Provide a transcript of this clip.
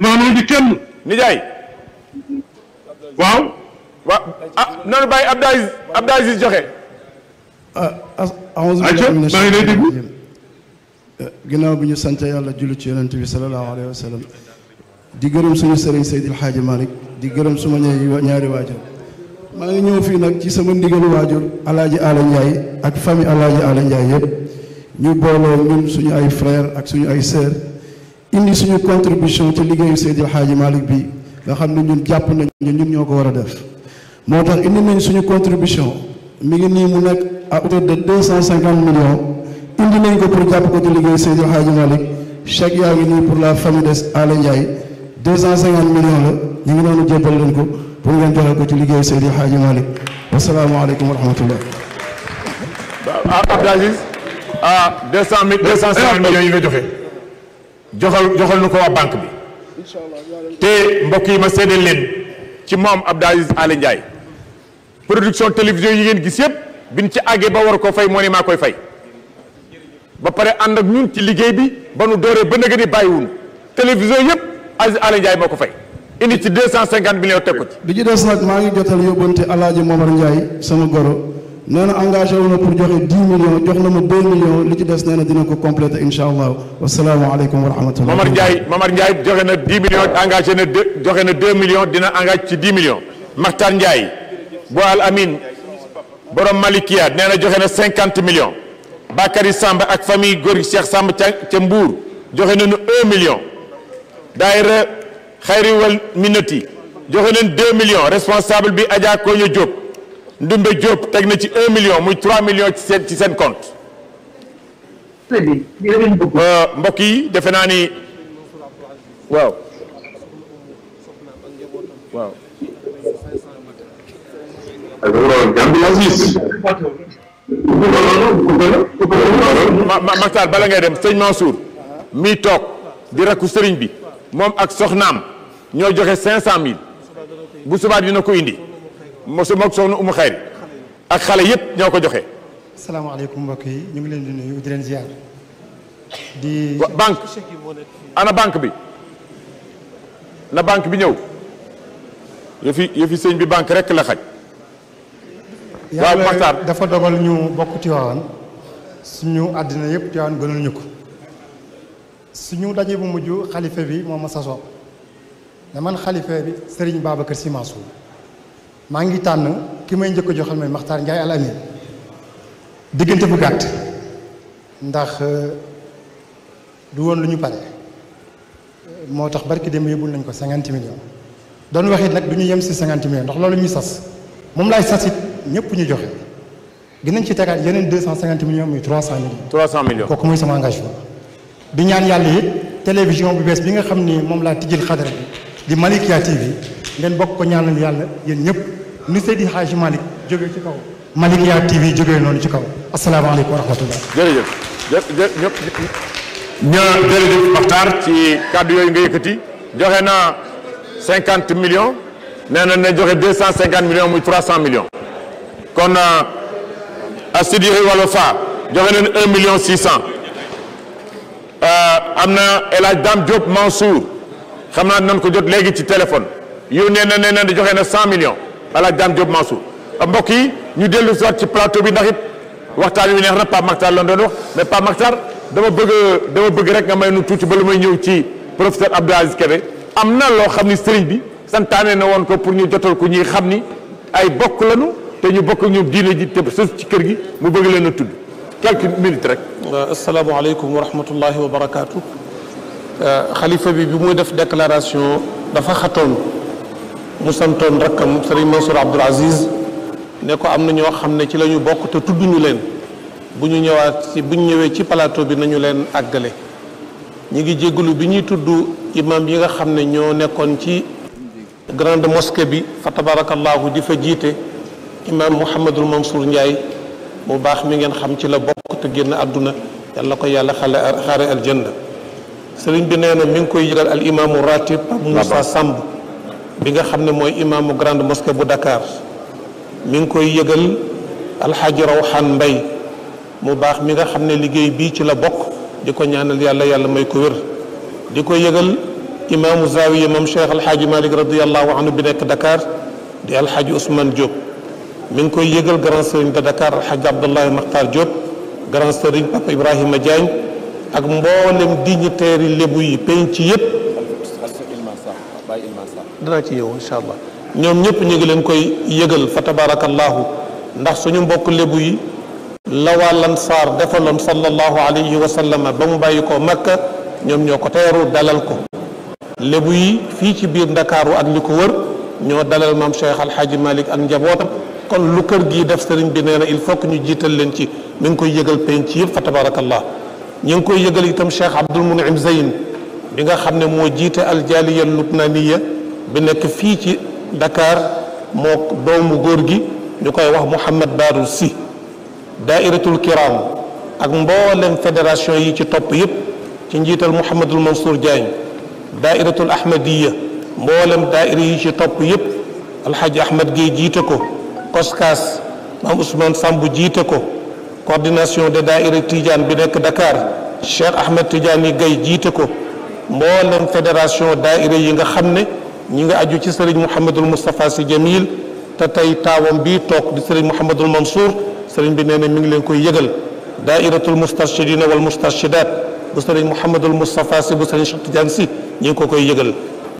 maanaam di kenn. nijaay. waaw. waaw ah, bàyyi Abdou Aziz joxe. ah as. ayca maa ngi lay déglu eh, ginnaaw bi ñu sant yàlla julli ci yonent bi salallaahu alayhi wa sallam di gërëm suñu sëriñ Seydil Xaaji Malick di gërëm suma ñaari waajur maa ngi ñëw fii nag ci sama ndigalu waajur alaaji Ala Ndiaye ak famille alaaji Ala ñu booloo ñun suñu ay frère ak suñu ay sœur indi suñu contribution ci liggéeyu Seydil Hadji Malick bi nga xam ne ñun jàpp nañ ñun ñoo ko war a def moo tax indi nañ suñu contribution mi ngi nii mu nekk à hauteur cent cinquante millions indi nañ ko pour jàpp ko ci liggéeyu Seydil Hadji Malick chèque yaa ngi nii pour la famille des Alé Ndiaye deux cent la ñu ngi noonu jébbal leen ko pour ngeen joxe ko ci liggéeyu Seydil Hadji Malick wasalaamaaleykum wa rahmatullah ah Abdou Aziz ah deux cent mille deux cent cinquante millions yi nga joxe joxal joxal nu ko waa banque bi te mbokk yi ma seedeel leen ci moom Abdou Aziz Aly Ndiaye production télévision yi ngeen gis yëpp biñ ci àggee ba war koo fay moo ne maa koy fay ba pare ànd ak ñun ci liggéey bi ba nu dooree ba nga ni bàyyiwuñu télévision yëpp Aziz Aly Ndiaye moo ko fay indi ci deux cent cinquante millions teg ko ci. bi ci des nag maa ngi jotal yóbbante Alaaji Momar Ndiaye sama goro. nee na engagé wu na pour joxe 10 jox na ma 2 millions li ci des nee na dina ko complété incha allah wasalaamaaleykum wa rahmatulah. Mamar Ndiaye Mamar Ndiaye joxe na 10 millions engagé na joxe na 2 dina engagé ci 10 millions. Makhtar Ndiaye bu Al Amin borom Malikia nee na joxe na 50 millions. Bakary Samb ak fami góor gi Cheikh Samb ca ca Mbour joxe nañu 1 million. Daayira Xayri wal Minati joxe nañ 2 responsable bi Adja Koño Diop. Ndumbe Diop teg na ci un million muy trois millions ci seen ci seen euh, mbokk yi defe naa ni waaw. waaw. bala ngay dem sëñ Mansour mi toog di rakku sëriñ bi moom ak soxnaam ñoo joxe cinq cent mille bu subaa dina ko indi. mosu moog soxna umu xayri ak xale yëpp ñoo ko joxe. salaamaaleykum mbokk yi ñu ngi leen di nuyu di leen ziar. di banque ana banque bi na banque bi ñëw yëfi yëfi sëñ bi banque rek la xaj. waaw Maxtaar dafa dogal ñu bokk Tiwaawan suñu àddina yëpp Tiwaawan gënal ñu ko suñu daje bu mujj xalife bi moom ma sasoo ne man xalife bi Serigne Babacar Sy Mansour maa ngi tànn ki may njëkk a joxal may Makhtar Ndiaye Al diggante bu gàtt ndax euh, du woon lu ñu pare moo tax barki démb yóbbul nañ ko cinquante millions doon wax it nag du ñu yem si cinquante millions ndax loolu ñu sas moom laay sas it ñëpp ñu joxe dinañ ci tegaat yeneen deux cent cinquante millions muy trois cent millions. trois cent millions kooku mooy sama engagement. di ñaan yàlla it télévision bu bees bi nga xam ni moom laa tijjil xadara bi di Malikia TV ngeen bokk ko ñaanal yàlla yéen ñëpp. nu Seydi Hadji Malick jógee ci kaw Malikia TV jógee noonu ci kaw asalaamaaleykum wa rahmatullah jërëjëf jëpp ña jërëjëf ci kàddu yooyu nga yëkkati joxe na cinquante millions nee na ne joxe deux cent cinquante millions muy trois cent millions kon euh, Assidou Wal Wafa joxe nañ un million six cent euh, am na El Hadj Dame Diop Mansour xam naa dinañ ko jot léegi ci téléphone yónnee na nee na joxe na cent Alaaji Dame Diop Mansour mbokk yi ñu dellu si ci plateau bi ndax it waxtaan wi neex na Pape Makhtar la doon wax mais Pape Makhtar dama bëgg dama bëgg rek nga may nu tuuti ba lu may ñëw ci professeur Abdou Aziz Kébé am na loo xam ni sëriñ bi santaane na woon ko pour ñu jotal ko ñuy xam ni ay bokk lañu te ñu bokk ñu diine ji te sës ci kër gi mu bëgg leen a tudd quelques minutes rek. Euh, asalaamaaleykum wa rahmatullahi wa barakaatu. Euh, xalifa bi bi muy def déclaration dafa xatoon. mu santoon rakkam sëriñ Mansour Abdoul Aziz ne ko am na ñoo xam ne ci lañu ñu bokk te ñu leen bu ñu ñëwaat ci bu ñëwee ci palaato bi nañu leen àggale ñi ngi jégalu bi ñuy tudd imam yi nga xam ne ñoo nekkoon ci grande mosquée bi fa tabarakallahu di fa jiite imam Mouhamadul Mansour Ndiaye mu baax mi ngeen xam ci la bokk te génn àdduna yàlla ko yàlla xale xaare aljanna sëriñ bi nee na mi ngi koy yëgal al imaamu ratib Moussa Samb bi nga xam ne mooy imaamu grande mosquée bu Dakar mi ngi koy yëgal alxaaji Rawxaan Mbay mu baax mi nga xam ne liggéey bii ci la bokk di ko ñaanal yàlla yàlla may ko wér di ko yëgal imaamu zaawiya moom cheikh alxaaji Malik radiallahu anhu bi nekk Dakar di alxaaji Ousmane Diop mi ngi koy yëgal grand sëriñ de Dakar alxaaji Abdoulahi Makhtar Diop grand sëriñ Papa Ibrahima Diagne ak mboolem dignitaires yi lébu yi penc ci yépp danaa ci ñëw incha allah ñoom ñëpp ñu ngi leen koy yëgal fa tabarakallahu ndax suñu mbokk lébu yi la waa lansaar defaloon sallallahu alayhi wa sallam ba mu bàyyi ko makka ñoom ñoo ko teeru dalal ko lébu yi fii ci biir ndakaaru ak li ko wër ñoo dalal maam Cheikh Alxaaji Malik ak njabootam kon lu kër gii def sëriñ bi nee na il faut que ñu jiital leen ci mi ngi koy yëgal penc yëpp fa tabarakallah ñu ngi koy yëgal itam Cheikh Abdul Munim Zayn bi nga xam ne moo jiite aljaaliya lubnaniya bi nekk fii ci dakaar moo doomu góor gi ñu koy wax Mouhamad Badou Sy daairatul kiram ak mboolem fédération yi ci topp yépp ci njiital Mouhamadul Mansour Diagne daairatul ahmadiya mboolem daaira yi ci topp yépp alxaaji ahmad Gueye jiite ko koskaas maam Ousmane Samb jiite ko coordination de daaira Tidiane bi nekk Dakar Cheikh Ahmed Tidiane yi Gueye jiite ko mboolem fédération daaira yi nga xam ne ñi nga aju ci sëriñ Mouhamadul Moustapha Sy Jamil te tey taawam bii toog di sëriñ Mouhamadul Mansour sëriñ bi nee na mi ngi leen koy yëgal daairatul mustarshidina wal mustarshidat bu sëriñ Mouhamadul Moustapha Sy bu sëriñ Cheikh Tidiane ñi ngi ko koy yëgal